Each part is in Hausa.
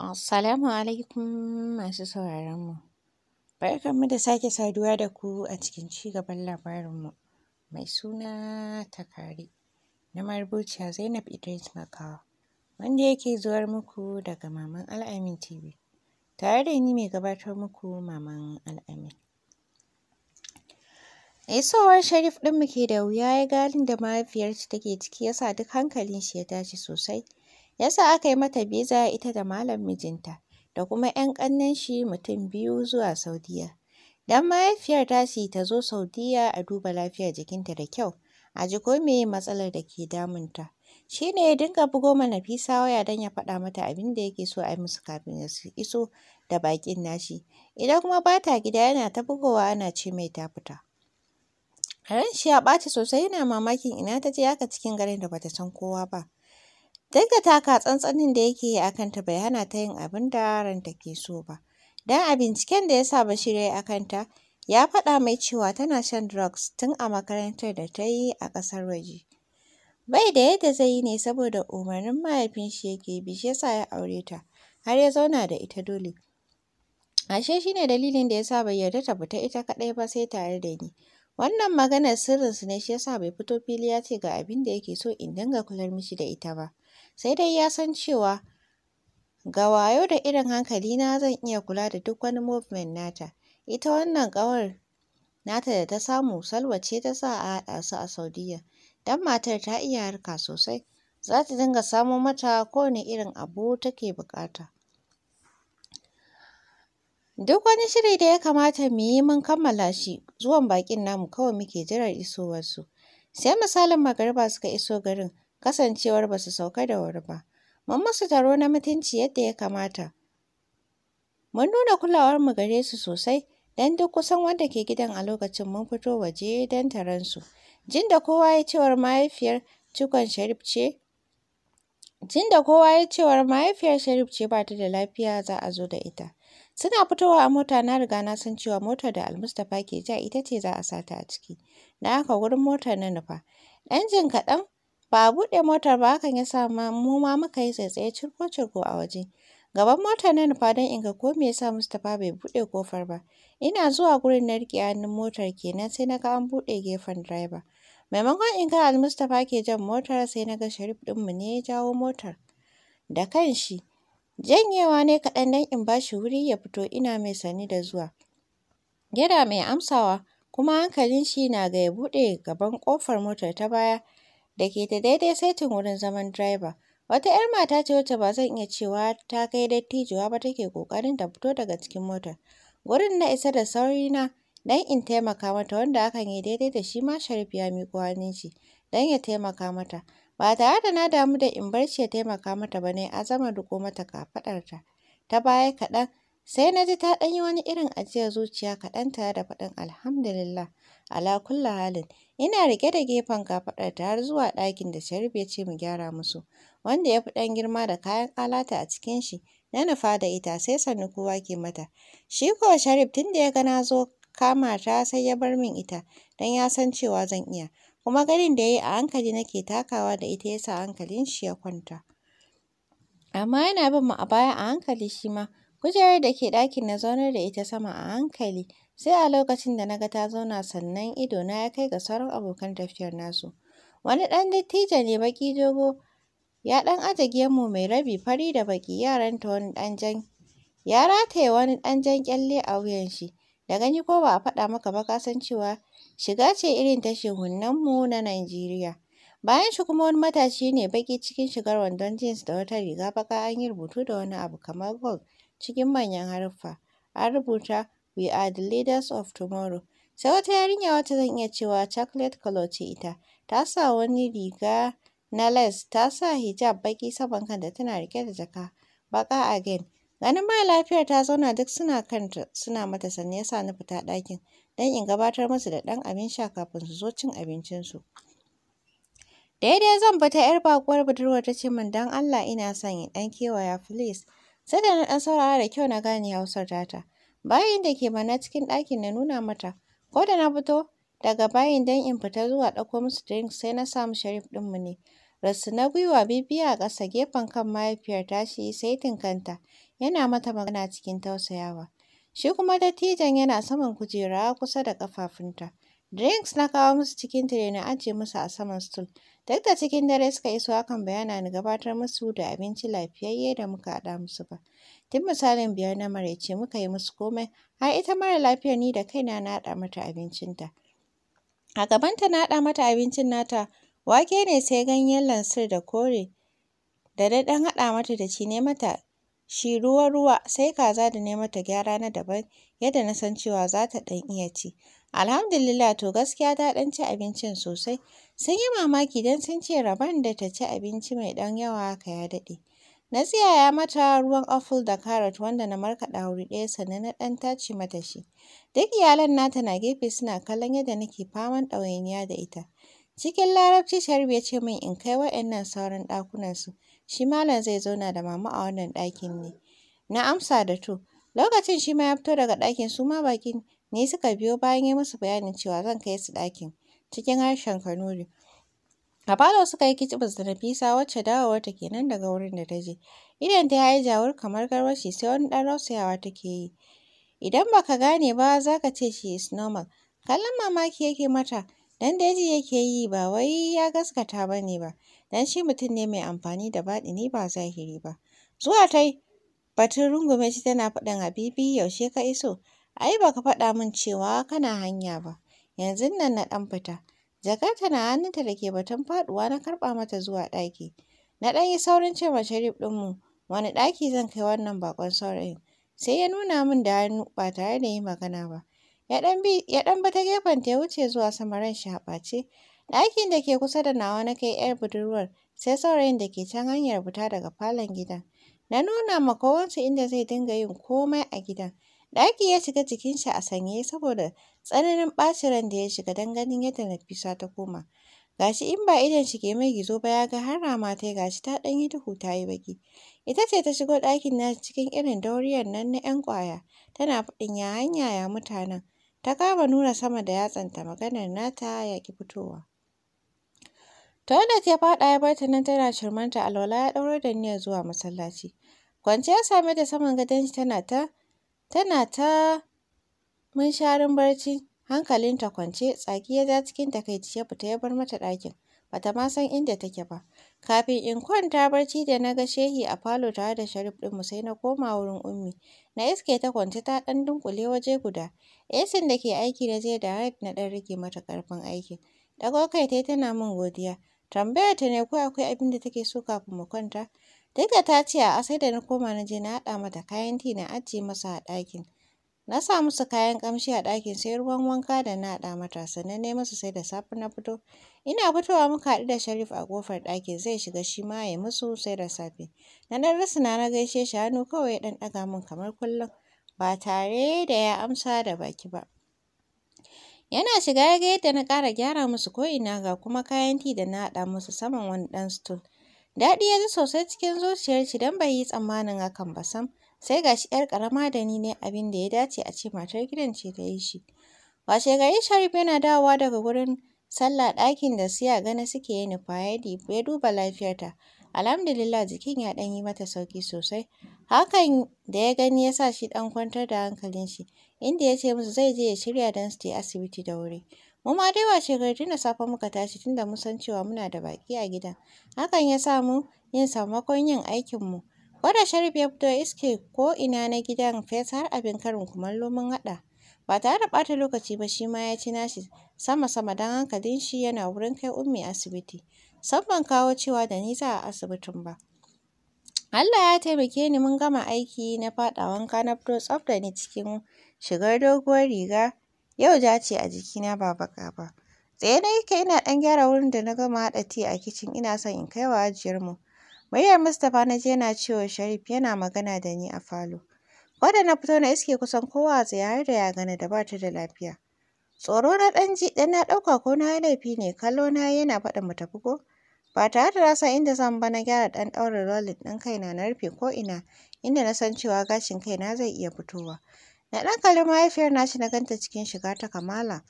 Assalamu alaikum masu sauraron mu. Barkanmu da sake saduwa da ku a cikin ci cigaban labarinmu mai suna takari na marubuciya Zainab Idris Makawa wanda yake zuwar muku daga Maman Al'amin TV tare da ni mai gabatar muku Maman Al'amin. Isowar Sharif ɗinmu ke da wuya ya galin da mahaifiyarsa take ciki yasa duk hankalin shi ya tashi sosai ya sa aka yi mata biza ita da malam mijinta da kuma 'yan ƙannen shi mutum biyu zuwa Saudiya. Dan mahaifiyar tasi ta zo Saudiya a duba lafiyar jikinta da kyau, a ji ko me matsalar da ke damunta. Shi ne ya dinga bugo ma Nafisa waya don ya faɗa mata abin da yake so a yi musu kafin su iso da baƙin nashi. Idan kuma ba ta gida yana ta bugowa ana ce mai ta fita. Ran shi ya ɓaci sosai yana mamakin ina ta je haka cikin garin da bata san kowa ba. Duk da taka tsantsanin da yake yi a kanta bai hana ta yin abin da ranta ke so ba. Don a binciken da ya sa Bashir ya yi a kanta, ya faɗa mai cewa tana shan drugs tun a makarantar da ta yi a ƙasar waje. Bai da yadda zai yi ne saboda umarnin mahaifinshi yake bi shi ya ya aure ta, har ya zauna da ita dole. Ashe shi ne dalilin da ya sa bai yarda ta fita ita kaɗai ba sai tare da ni. Wannan maganar sirrinsu ne shi ya bai fito fili ya ce ga abin da yake so in dinga kular mishi da ita ba. sai dai ya san cewa ga wayo da irin hankali na zan iya kula da duk wani movement nata ita wannan kawar nata da ta samu salwa ce ta sa a haɗa su a saudiya dan matar ta iya harka sosai za ta dinga samo mata kowane irin abu take bukata duk wani shirin da ya kamata mu yi mun kammala shi zuwan baƙin namu kawai muke jiran isowarsu sai misalin magariba suka iso garin kasancewar ba su sauka da wuri ba. Mun musu taro na mutunci yadda ya kamata. Mun nuna kulawarmu gare su sosai don duk kusan wanda ke gidan a lokacin mun fito waje don taron su. Jin da kowa ya cewar mahaifiyar cikon Sharif ce Jin da kowa ya cewar mahaifiyar Sharif ce ba ta da lafiya za a zo da ita. Suna fitowa a mota na riga na san cewa motar da Almustapha ke ja ita ce za a sata a ciki. Na haka wurin motar na nufa. Ɗan jin kaɗan Ba a buɗe motar ba hakan ya sa mu ma muka yi tsaitsaye cirko-cirko a waje. Gaban motar na nufa don in ga ko me ya Mustapha bai buɗe kofar ba. Ina zuwa gurin na riƙe hannun motar kenan sai na ga an buɗe gefen direba. Maimakon in ga Al-Mustapha ke jan motar sai na ga Sharif ɗinmu ne ya jawo motar da kanshi. Janyewa ne kaɗan don in ba shi wuri ya fito ina mai sani da zuwa. Yana mai amsawa kuma hankalin shi na ga ya buɗe gaban ƙofar motar ta baya da ke da daidai saitin wurin zaman direba. Wata 'yar mata ce wacce ba zan iya cewa ta kai dattijuwa ba take kokarin ta fito daga cikin motar. Wurin na isa da sauri na dan in taimaka mata wanda hakan ya daidai da shi ma Sharif ya miƙo hannun shi don ya taimaka mata. Ba tare da na damu da in bar shi ya taimaka mata ba ne azama riko mata kafaɗarta ta baya kaɗan Sai na ji ta ɗan yi wani irin ajiyar zuciya kaɗan tare da faɗin alhamdulillah ala kulla halin. Ina rike da gefen kafaɗar ta har zuwa ɗakin da Sharif ya ce mu gyara musu, wanda ya fi ɗan girma da kayan alata a cikin shi. Na nufa da ita sai sannu kowa ke mata. Shi ko Sharif tun da ya ga na zo kama ta sai ya bar min ita don ya san cewa zan iya. Kuma ganin da ya yi a hankali nake takawa da ita ya sa hankalin shi ya kwanta. Amma yana bin mu a baya a hankali shi ma Kujerar da ke ɗakin na zaunar da ita sama a hankali, sai a lokacin da na ga ta zauna sannan ido na ya kai ga sauran abokan tafiyar nasu. Wani ɗan dattijo ne baki dogo, ya ɗan aje gemu mai rabi fari da baƙi, yaranta wani ɗan jan ya rataye wani ɗan jan ƙyalle a wuyan shi. Da gani ko ba a faɗa maka ba kasan cewa shiga ce irin ta mu na Najeriya. Bayan shi kuma wani matashi ne baƙi cikin shigar wandon jeans da wata riga baƙa an yi rubutu da wani abu kamar gold cikin manyan haruffa, an rubuta “We are the leaders of tomorrow.” Sai wata yarinya wata zan iya cewa chocolate colour ce ita, ta sa wani riga na lace, ta sa hijab baki saman kanta tana riƙe da jaka baƙa again. Ganin mara lafiyar ta zauna duk suna kanta suna mata sannu ya sa ni fita ɗakin don in gabatar musu da ɗan abin sha kafin su zo cin abincinsu. Daidai zan bata 'yar baƙuwar budurwar ta ce min “don Allah ina son in ɗan kewaya please.” Sai da na ɗan saurara da kyau na gane Hausar data, Bayin da ke mana cikin ɗakin na nuna mata. Ko da na fito daga bayin dan in fita zuwa ɗauko musu drink sai na samu sharif ɗinmu ne. rasu na gwiwa bibiya a ƙasa gefen kan mahaifiyar tashi sai tinkanta. Yana mata magana cikin tausayawa. Shi kuma dattijon yana saman kujera kusa da ƙafafunta. Drinks na kawo musu cikin tire na ajiye musu a saman stool. Duk da cikin dare suka iso hakan bayana ni gabatar musu da abinci lafiyayye da muka haɗa musu ba. Tun misalin biyar na maraice muka yi musu komai har ita mara lafiyar ni da kaina na haɗa mata abincinta. A gabanta na haɗa mata abincin nata wake ne sai ganyen lansir da kore da na ɗan haɗa mata da ci ne mata shi ruwa-ruwa sai kaza da ne mata gyara na daban yadda na san cewa za ta ɗan iya ci. Alhamdulillah to gaskiya ta ɗan ci abincin sosai. Sun yi mamaki don sun ce rabon da ta ci abinci mai ɗan yawa haka ya daɗe. Na tsiyaya mata ruwan apple da carrot wanda na markaɗa wuri ɗaya sannan na ɗan tace mata shi. Duk iyalan nata na gefe suna kallon yadda nake faman ɗawainiya da ita. Cikin larabci Sharif ya ce min in kai waɗannan sauran ɗakunansu. shi malam zai zauna da mama a wannan ɗakin ne. Na amsa da to. Lokacin shi ma ya fito daga ɗakin su ma bakin ne suka biyo bayan ya musu bayanin cewa zan kai su ɗakin cikin harshen Kanuri. A falo suka yi kicibis da Nafisa wacce ta kenan daga wurin da ta je. Idan ta yayi jawur kamar garwashi sai wani ɗan rausayawa take yi. Idan baka gane ba za ka ce shi is normal. Kallon mamaki yake mata dan daji yake yi ba wai ya gaskata ba ne ba. don shi mutum ne mai amfani da baɗini ba zahiri ba. Zuwa ta batun rungume shi tana faɗin Habibi yaushe ka iso? Ai ba ka faɗa min cewa kana hanya ba. Yanzu nan na ɗan fita. Jakarta tana hannunta da ke batun faɗuwa na karɓa mata zuwa ɗaki. Na ɗan yi saurin ce ma Sharif ɗinmu wani ɗaki zan kai wannan baƙon saurayin. Sai ya nuna min da hannu ba tare da yi magana ba. Ya ɗan bi ta gefen ta ya wuce zuwa sama ran shi a Ɗakin da ke kusa da nawa na kai 'yar budurwar, sai saurayin da ke can hanyar fita daga falon gidan. Na nuna ma kowansu inda zai dinga yin komai a gidan. Ɗaki ya shiga jikin shi a sanye saboda tsananin ɓacin ran da ya shiga don ganin yadda Nafisa ta koma. Gashi in ba idon shi ke mai gizo ba ya ga har rama ta gashi ta ɗan yi duhu ta yi baki. Ita ce ta shigo ɗakin na cikin irin dauriyar nan na 'yan ƙwaya, tana faɗin ya hanya ya mutanen. Ta kama nuna sama da yatsanta maganar nata ya ƙi fitowa. Toilet ya faɗa ya bar ta nan tana shirmanta alwala ya ɗauro da niyyar zuwa masallaci. Kwance ya same ta saman gadon shi tana ta tana ta munsharin barci hankalinta kwance tsaki ya ja cikin takaici ya fita ya bar mata ɗakin bata ma san inda take ba. Kafin in kwanta barci da na ga shehi a falo tare da sharif ɗin mu sai na koma wurin ummi. Na iske ta kwance ta ɗan dunkule waje guda. Esin da ke aiki na je da na ɗan rage mata ƙarfin aikin. Ɗago kai tai tana min godiya. Tambayar ta ne ko akwai abin da take so kafin mu kwanta. Duk ta ce a sai da na koma na je na haɗa mata kayan ti na ajiye masa a ɗakin. Na sa musu kayan ƙamshi a ɗakin sai ruwan wanka da na haɗa mata sannan na musu sai da safe na fito. Ina fitowa muka haɗu da Sharif a kofar ɗakin zai shiga shi ma ya musu sai da safe. Na ɗan rusuna na gaishe shi hannu kawai ya ɗan ɗaga min kamar kullum ba tare da ya amsa da baki ba. Yana shiga ya ga yadda na ƙara gyara musu ko'ina ga kuma kayan ti da na haɗa musu saman wani ɗan stool. Daɗi ya ji sosai cikin zuciyar shi don bai yi tsammanin hakan ba sam. Sai ga shi 'yar ƙarama da ni ne abin da ya dace a ce matar gidan ce ta yi shi. Washe gari Sharif yana dawowa daga wurin sallah ɗakin da su gane suke yi nufa ya duba lafiyarta. alhamdulillah jikin ya ɗan yi mata sauki sosai hakan da ya gani ya sa shi ɗan kwantar da hankalin shi inda ya ce musu zai je ya shirya don su je asibiti da wuri mu ma dai washe gari tun da safe muka tashi tunda mun san cewa muna da baki a gidan hakan ya sa mu yin sammakon yin aikin mu Gwada Sharif ya fito iske ko ina na gidan fes har abin karin kumallo mun haɗa. Ba tare da ɓata lokaci ba shi ma ya ci nashi sama-sama dan hankalin shi yana wurin kai ummi asibiti. san ban kawo cewa da ni za a asibitin ba. Allah ya taimake ni mun gama aiki na faɗa wanka na fito tsaf da ni cikin shigar doguwar riga yau ja ce a jikina ba baka ba. Tsaye na yake ina ɗan gyara wurin da na gama haɗa ti a kicin ina son in kai wa ajiyarmu. Muryar Mustapha na je yana cewa Sharif yana magana da ni a falo. da na fito na iske kusan kowa a tsaye har da ya gani da ba ta da lafiya. Tsoro na ɗan ji dan na ɗauka ko na yi laifi ne kallo na yana faɗin mu tafi ko. Ba tare da na inda zan ba na gyara ɗan ɗaurin rolling ɗin kaina na rufe ko ina inda na san cewa gashin kaina zai iya fitowa. Na ɗan kalli mahaifiyar na nashi na ganta cikin shiga ta kamala.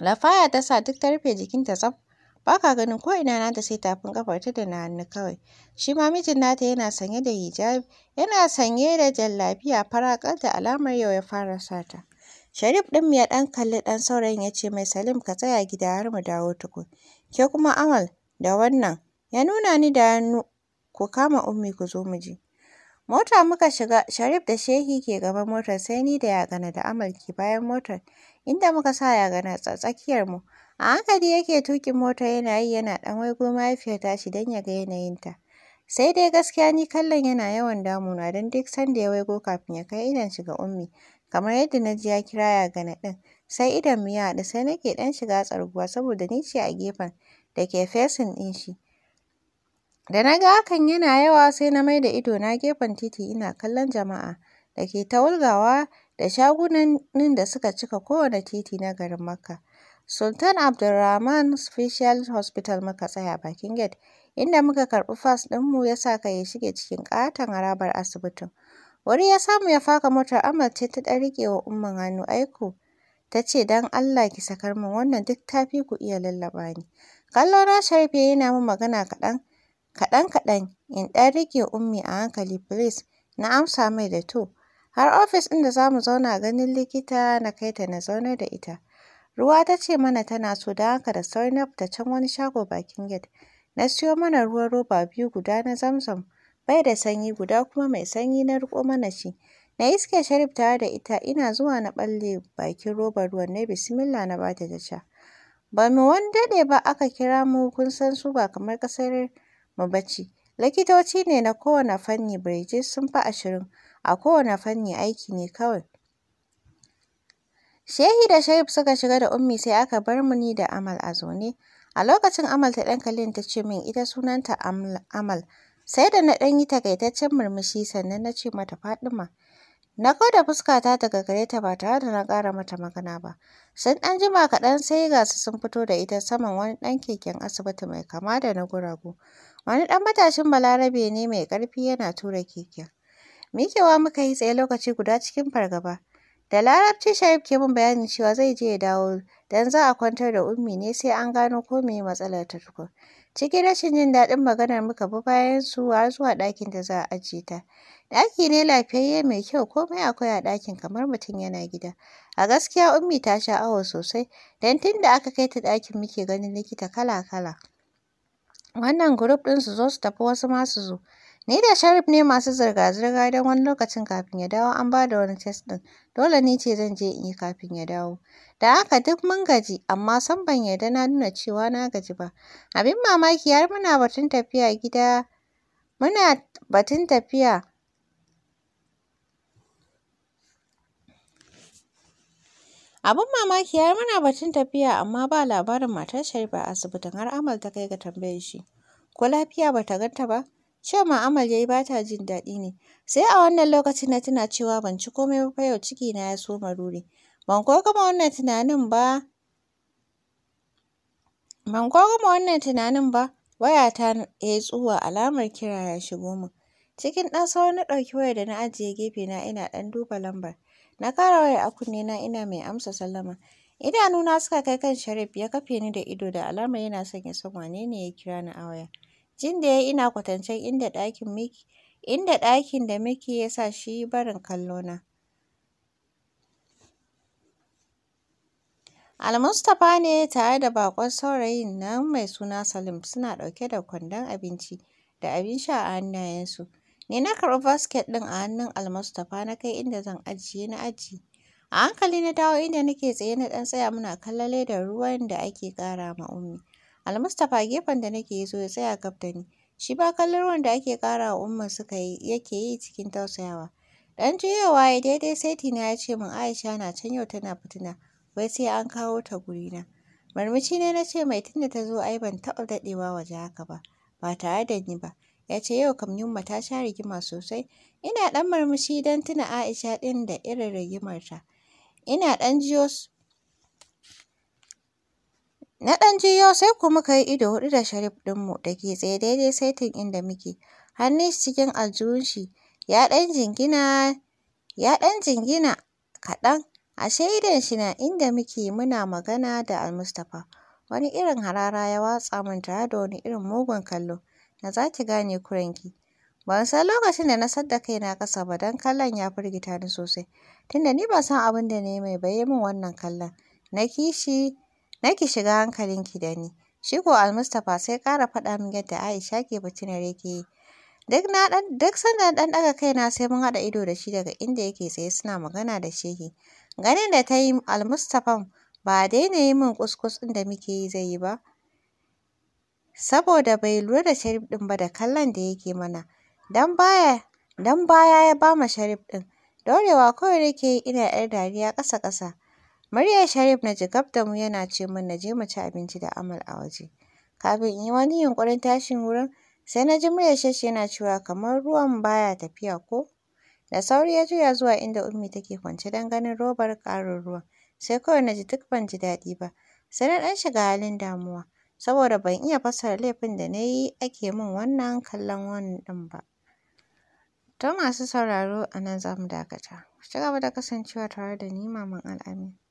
Lafaya ta sa duk ta rufe jikinta tsaf. Ba ka ganin ko ina nata sai tafin kafar ta da na hannu kawai. Shi ma mijin nata yana sanye da hijabi, yana sanye da jallabiya fara kal da alamar yau ya fara sata. Sharif ɗin ya ɗan kalli ɗan saurayin ya ce mai Salim ka tsaya gida har mu dawo tukun. Ke kuma Amal da wannan ya nuna ni da hannu ku kama ummi ku zo mu je. Mota muka shiga Sharif da Shehi ke gaban motar sai ni da Yagana da Amal ke bayan motar inda muka sa Yagana tsakiyar mu. A hankali yake tukin motar yana yi yana ɗan waigo mahaifiyar tashi don ya ga yanayinta. Sai dai gaskiya ni kallon yana yawan damuna don duk sanda ya waigo kafin ya kai idon shiga ummi kamar yadda na ji ya kira Yagana ɗin. Sai idonmu ya haɗu sai nake ɗan shiga tsarguwa saboda ni ce a gefen da ke fesin ɗin shi. Da na ga hakan yana yawa sai na mai maida na gefen titi ina kallon jama'a da ke ta wulgawa da shagunan da suka cika kowane titi na garin Makka. Sultan Abdulrahman Special Hospital muka tsaya bakin gate, inda muka karɓi fas ɗinmu ya sa kai ya shige cikin ƙaton harabar asibitin. Wani ya samu ya faka motar amarce ce ta ɗan riƙe wa Umman hannu aiko. Ta ce don Allah ki sakar min wannan duk ta ku iya lallaba ni. Kallo na sharfe yana min magana kaɗan kaɗan kaɗan in ɗan riƙe ummi a hankali please na amsa mai da to. Har ofis ɗin da za mu zauna ganin likita na kai ta na zaunar da ita. Ruwa ta ce mana tana so don haka da sauri na fita can wani shago bakin gate. Na siyo mana ruwan roba biyu guda na zamzam. bai da sanyi guda kuma mai sanyi na riƙo mana shi. Na iske Sharif tare da ita ina zuwa na ɓalle bakin robar ruwan na bismillah na bata ta sha. Ba mu wani daɗe ba aka kira mu kun san su ba kamar ƙasar mu bacci. Likitoci ne na kowane fanni birjit sun fi ashirin a kowane fanni aiki ne kawai. Shehi da Sharif suka shiga da ummi sai aka bar mu ni da Amal a zaune. A lokacin Amal ta ɗan kalin ta ce min ita sunanta Amal Sai da na ɗan yi takaitaccen murmushi sannan na ce mata Fadima. Na da fuskata daga gare ta ba tare da na ƙara mata magana ba. Sun ɗan jima kaɗan sai ga su sun fito da ita saman wani ɗan keken asibiti mai kama da na guragu. Wani ɗan matashin balarabe ne mai ƙarfi yana tura keken. Mikewa muka yi tsaye lokaci guda cikin fargaba. Da larabci Sharif ke min bayanin cewa zai je ya dawo don za a kwantar da ummi ne sai an gano ko me matsalar ta tukun. Cikin rashin jin daɗin maganar muka bi bayan su har zuwa ɗakin da za a ajiye ta. Ɗaki ne lafiyayye mai kyau komai akwai a ɗakin kamar mutum yana gida. A gaskiya Ummi ta sha awa sosai don tun da aka kai ta ɗakin muke ganin likita kala-kala. Wannan gurup ɗin su zo su tafi wasu ma su zo. Ni da Sharif ne masu zirga-zirga don wani lokacin kafin ya dawo an ba da wani test ɗin. Dole ne ce zan je in yi kafin ya dawo. Da haka duk mun gaji amma sam ban yarda na nuna cewa na gaji ba. Abin mamaki har muna batun tafiya gida muna batun tafiya Abin mamaki har muna batun tafiya amma ba labarin matar Sharif a asibitin har Amal ta kai ga tambayar shi ko lafiya ba ta ganta ba. Shan ma ya yi ba ta jin daɗi ne. Sai a wannan lokacin na tuna cewa ban ci komai ba fa yau ciki na ya soma ruri. Ban ko gama wannan tunanin ba. Ban ko gama wannan tunanin ba. Wayata ya yi tsuwa alamar kira ya shigo min. Cikin ɗan sauri na ɗauki wayar da na ajiye gefe na ina ɗan duba lambar. Na ƙara wayar a kunne na ina mai amsa sallama. Idanuna suka kai kan Sharif ya kafe ni da ido da alamar yana son ya san wane ne ya kira ni a waya. Jin da yayi ina kwatance inda ɗakin da miki ya sa shi barin kallo kallona. Almustapha ne tare da bakon saurayin nan mai suna Salim suna ɗauke da kwandon abinci da abin sha a hannayensu. Ni na karɓi basket ɗin a hannun Almustapha na kai inda zan ajiye na ajiye. A hankali na dawo inda nake tsaye na ɗan tsaya muna kallon ledar ruwan da ake ƙara ma Ummi. almustapha gefen da nake so ya tsaya gab da ni shi ba kallon ruwan da ake kara wa umma suka yi yake yi cikin tausayawa dan juyowa ya daidai saiti na ya ce min aisha na can yau tana fitina wai sai an kawo ta gurina na ne na ce mai tunda ta zo ai ban taɓa daɗewa waje haka ba ba tare da ni ba ya ce yau kam ma ta sha rigima sosai ina ɗan marmashi dan tuna aisha ɗin da irin rigimar ta. ina ɗan jiyo Na ɗan jiyo sai ku muka yi ido huɗu da sharif ɗinmu da ke tsaye daidai saitin inda muke. Hannun shi cikin aljihun shi ya ɗan jingina ya ɗan jingina kaɗan ashe idon shi na inda muke muna magana da Almustapha. Wani irin harara ya watsa min tare da wani irin mugun kallo na za ki gane kuranki. Ban san lokacin da na sadda na ƙasa ba don kallon ya firgita ni sosai. Tunda ni ban san abin da na mai ba min wannan kallon. Na kishi na ki shiga hankalinki da ni. Shi ko Almustapha sai ƙara faɗa min yadda Aisha ke ya yake yi. Duk na ɗan duk sanda ɗan ɗaga kaina sai mun haɗa ido da shi daga inda yake tsaye suna magana da shehi. Ganin da ta yi Almustapha ba daina yi min kuskus ɗin da muke yi zai yi ba. Saboda bai lura da Sharif ɗin ba da kallon da yake mana. Dan baya dan baya ya ba ma Sharif ɗin. dorewa kawai nake yi ina 'yar dariya ƙasa-ƙasa. Muryar Sharif na ji da mu yana ce min na je mu ci abinci da Amal a waje. Kafin in yi wani yunƙurin tashin wurin, sai na ji muryar Shashi yana cewa kamar ruwan baya tafiya ko? Da sauri ya juya zuwa inda Ummi take kwance don ganin robar ƙarin ruwan. Sai kawai na ji duk ban ji daɗi ba. Sai na ɗan shiga halin damuwa, saboda ban iya fassara laifin da na yi ake min wannan kallon wannan ɗin ba. Ta masu sauraro a nan za mu dakata. Ku ci gaba da kasancewa tare da ni Maman Al'amin.